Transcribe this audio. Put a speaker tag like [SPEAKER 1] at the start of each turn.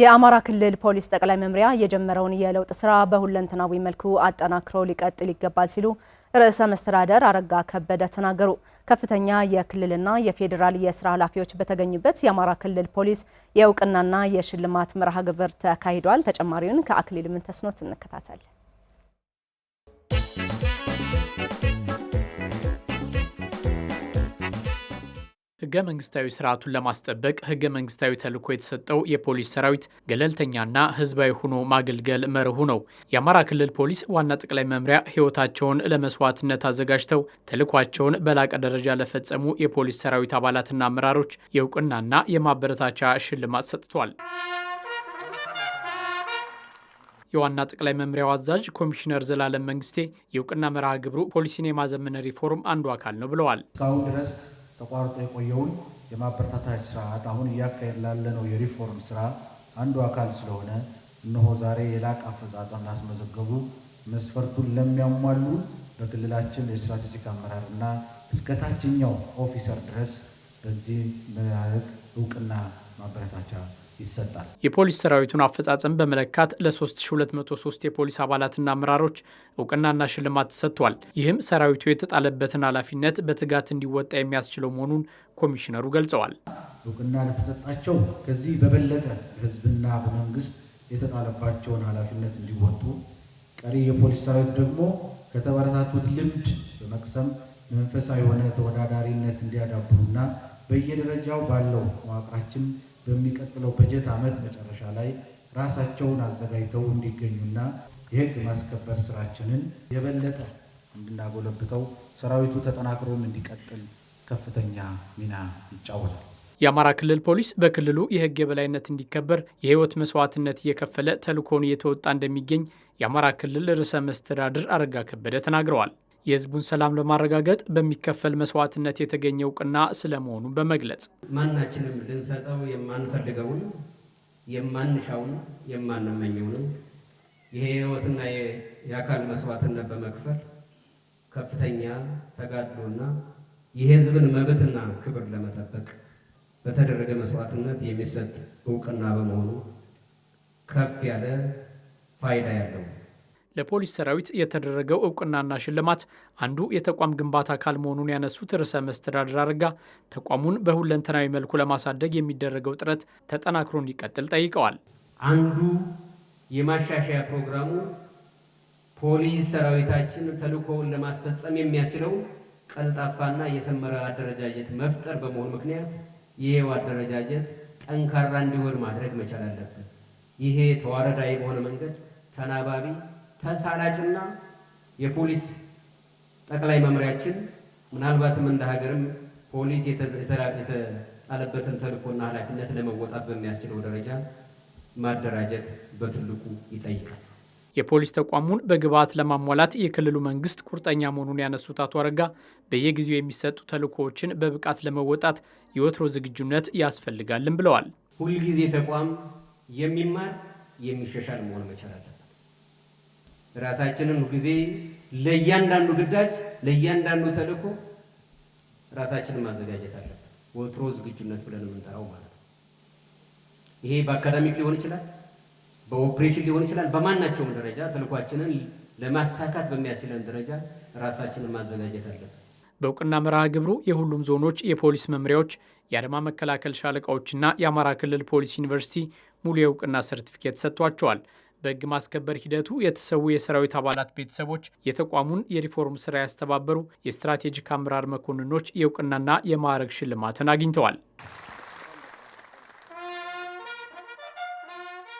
[SPEAKER 1] የአማራ ክልል ፖሊስ ጠቅላይ መምሪያ የጀመረውን የለውጥ ስራ በሁለንተናዊ መልኩ አጠናክሮ ሊቀጥል ይገባል ሲሉ ርዕሰ መስተዳደር አረጋ ከበደ ተናገሩ። ከፍተኛ የክልልና የፌዴራል የስራ ኃላፊዎች በተገኙበት የአማራ ክልል ፖሊስ የእውቅናና የሽልማት መርሃ ግብር ተካሂዷል። ተጨማሪውን ከአክሊል ምንተስኖት እንከታተል።
[SPEAKER 2] ህገ መንግስታዊ ስርዓቱን ለማስጠበቅ ህገ መንግስታዊ ተልኮ የተሰጠው የፖሊስ ሰራዊት ገለልተኛና ህዝባዊ ሆኖ ማገልገል መርሁ ነው። የአማራ ክልል ፖሊስ ዋና ጠቅላይ መምሪያ ህይወታቸውን ለመስዋዕትነት አዘጋጅተው ተልኳቸውን በላቀ ደረጃ ለፈጸሙ የፖሊስ ሰራዊት አባላትና አመራሮች የእውቅናና የማበረታቻ ሽልማት ሰጥቷል። የዋና ጠቅላይ መምሪያው አዛዥ ኮሚሽነር ዘላለም መንግስቴ የእውቅና መርሃ ግብሩ ፖሊሲን የማዘመን ሪፎርም አንዱ አካል ነው ብለዋል።
[SPEAKER 3] እስካሁን ድረስ ተቋርጦ የቆየውን የማበረታታት ስርዓት አሁን እያካሄድ ላለነው የሪፎርም ስራ አንዱ አካል ስለሆነ እነሆ ዛሬ የላቅ አፈጻጸም ላስመዘገቡ መስፈርቱን ለሚያሟሉ በክልላችን የስትራቴጂክ አመራርና እስከ ታችኛው ኦፊሰር ድረስ በዚህ እውቅና ማበረታቻ ይሰጣል።
[SPEAKER 2] የፖሊስ ሰራዊቱን አፈጻጸም በመለካት ለ3203 የፖሊስ አባላትና አመራሮች እውቅናና ሽልማት ተሰጥቷል። ይህም ሰራዊቱ የተጣለበትን ኃላፊነት በትጋት እንዲወጣ የሚያስችለው መሆኑን ኮሚሽነሩ ገልጸዋል።
[SPEAKER 3] እውቅና ለተሰጣቸው ከዚህ በበለጠ በህዝብና በመንግስት የተጣለባቸውን ኃላፊነት እንዲወጡ፣ ቀሪ የፖሊስ ሰራዊት ደግሞ ከተበረታቱት ልምድ በመቅሰም መንፈሳዊ የሆነ ተወዳዳሪነት እንዲያዳብሩና በየደረጃው ባለው መዋቅራችን በሚቀጥለው በጀት ዓመት መጨረሻ ላይ ራሳቸውን አዘጋጅተው እንዲገኙና የሕግ ማስከበር ስራችንን የበለጠ እንድናጎለብተው ሰራዊቱ ተጠናክሮም እንዲቀጥል ከፍተኛ ሚና ይጫወታል።
[SPEAKER 2] የአማራ ክልል ፖሊስ በክልሉ የህግ የበላይነት እንዲከበር የህይወት መስዋዕትነት እየከፈለ ተልእኮውን እየተወጣ እንደሚገኝ የአማራ ክልል ርዕሰ መስተዳድር አረጋ ከበደ ተናግረዋል። የህዝቡን ሰላም ለማረጋገጥ በሚከፈል መስዋዕትነት የተገኘ እውቅና ስለመሆኑ በመግለጽ
[SPEAKER 4] ማናችንም ልንሰጠው የማንፈልገውን የማንሻውን ይሄ የህይወትና የአካል መስዋዕትነት በመክፈል ከፍተኛ ተጋድሎና የህዝብን መብትና ክብር ለመጠበቅ በተደረገ መስዋዕትነት የሚሰጥ እውቅና በመሆኑ ከፍ ያለ ፋይዳ ያለው
[SPEAKER 2] ለፖሊስ ሰራዊት የተደረገው እውቅናና ሽልማት አንዱ የተቋም ግንባታ አካል መሆኑን ያነሱት ርዕሰ መስተዳድር አረጋ ተቋሙን በሁለንተናዊ መልኩ ለማሳደግ የሚደረገው ጥረት ተጠናክሮ እንዲቀጥል ጠይቀዋል።
[SPEAKER 4] አንዱ የማሻሻያ ፕሮግራሙ ፖሊስ ሰራዊታችን ተልእኮውን ለማስፈጸም የሚያስችለው ቀልጣፋና የሰመረ አደረጃጀት መፍጠር በመሆኑ ምክንያት ይሄው አደረጃጀት ጠንካራ እንዲሆን ማድረግ መቻል አለብን። ይሄ ተዋረዳዊ በሆነ መንገድ ተናባቢ ተሳላጭና የፖሊስ ጠቅላይ መምሪያችን ምናልባትም እንደ ሀገርም ፖሊስ የተጣለበትን ተልእኮና ኃላፊነት ለመወጣት በሚያስችለው ደረጃ ማደራጀት በትልቁ ይጠይቃል።
[SPEAKER 2] የፖሊስ ተቋሙን በግብዓት ለማሟላት የክልሉ መንግስት ቁርጠኛ መሆኑን ያነሱት አቶ አረጋ በየጊዜው የሚሰጡ ተልእኮዎችን በብቃት ለመወጣት የወትሮ ዝግጁነት ያስፈልጋልን ብለዋል።
[SPEAKER 4] ሁልጊዜ ተቋም የሚማር የሚሻሻል መሆን መቻላለን። ራሳችንን ጊዜ ለእያንዳንዱ ግዳጅ ለእያንዳንዱ ተልእኮ ራሳችንን ማዘጋጀት አለብን። ወትሮ ዝግጁነት ብለን የምንጠራው ማለት ነው። ይሄ በአካዳሚክ ሊሆን ይችላል፣ በኦፕሬሽን ሊሆን ይችላል። በማናቸውም ደረጃ ተልኳችንን ለማሳካት በሚያስችለን ደረጃ ራሳችንን ማዘጋጀት አለብን።
[SPEAKER 2] በእውቅና መርሃ ግብሩ የሁሉም ዞኖች የፖሊስ መምሪያዎች፣ የአድማ መከላከል ሻለቃዎችና የአማራ ክልል ፖሊስ ዩኒቨርሲቲ ሙሉ የእውቅና ሰርቲፊኬት ሰጥቷቸዋል። በህግ ማስከበር ሂደቱ የተሰዉ የሰራዊት አባላት ቤተሰቦች፣ የተቋሙን የሪፎርም ስራ ያስተባበሩ የስትራቴጂክ አመራር መኮንኖች የእውቅናና የማዕረግ ሽልማትን አግኝተዋል።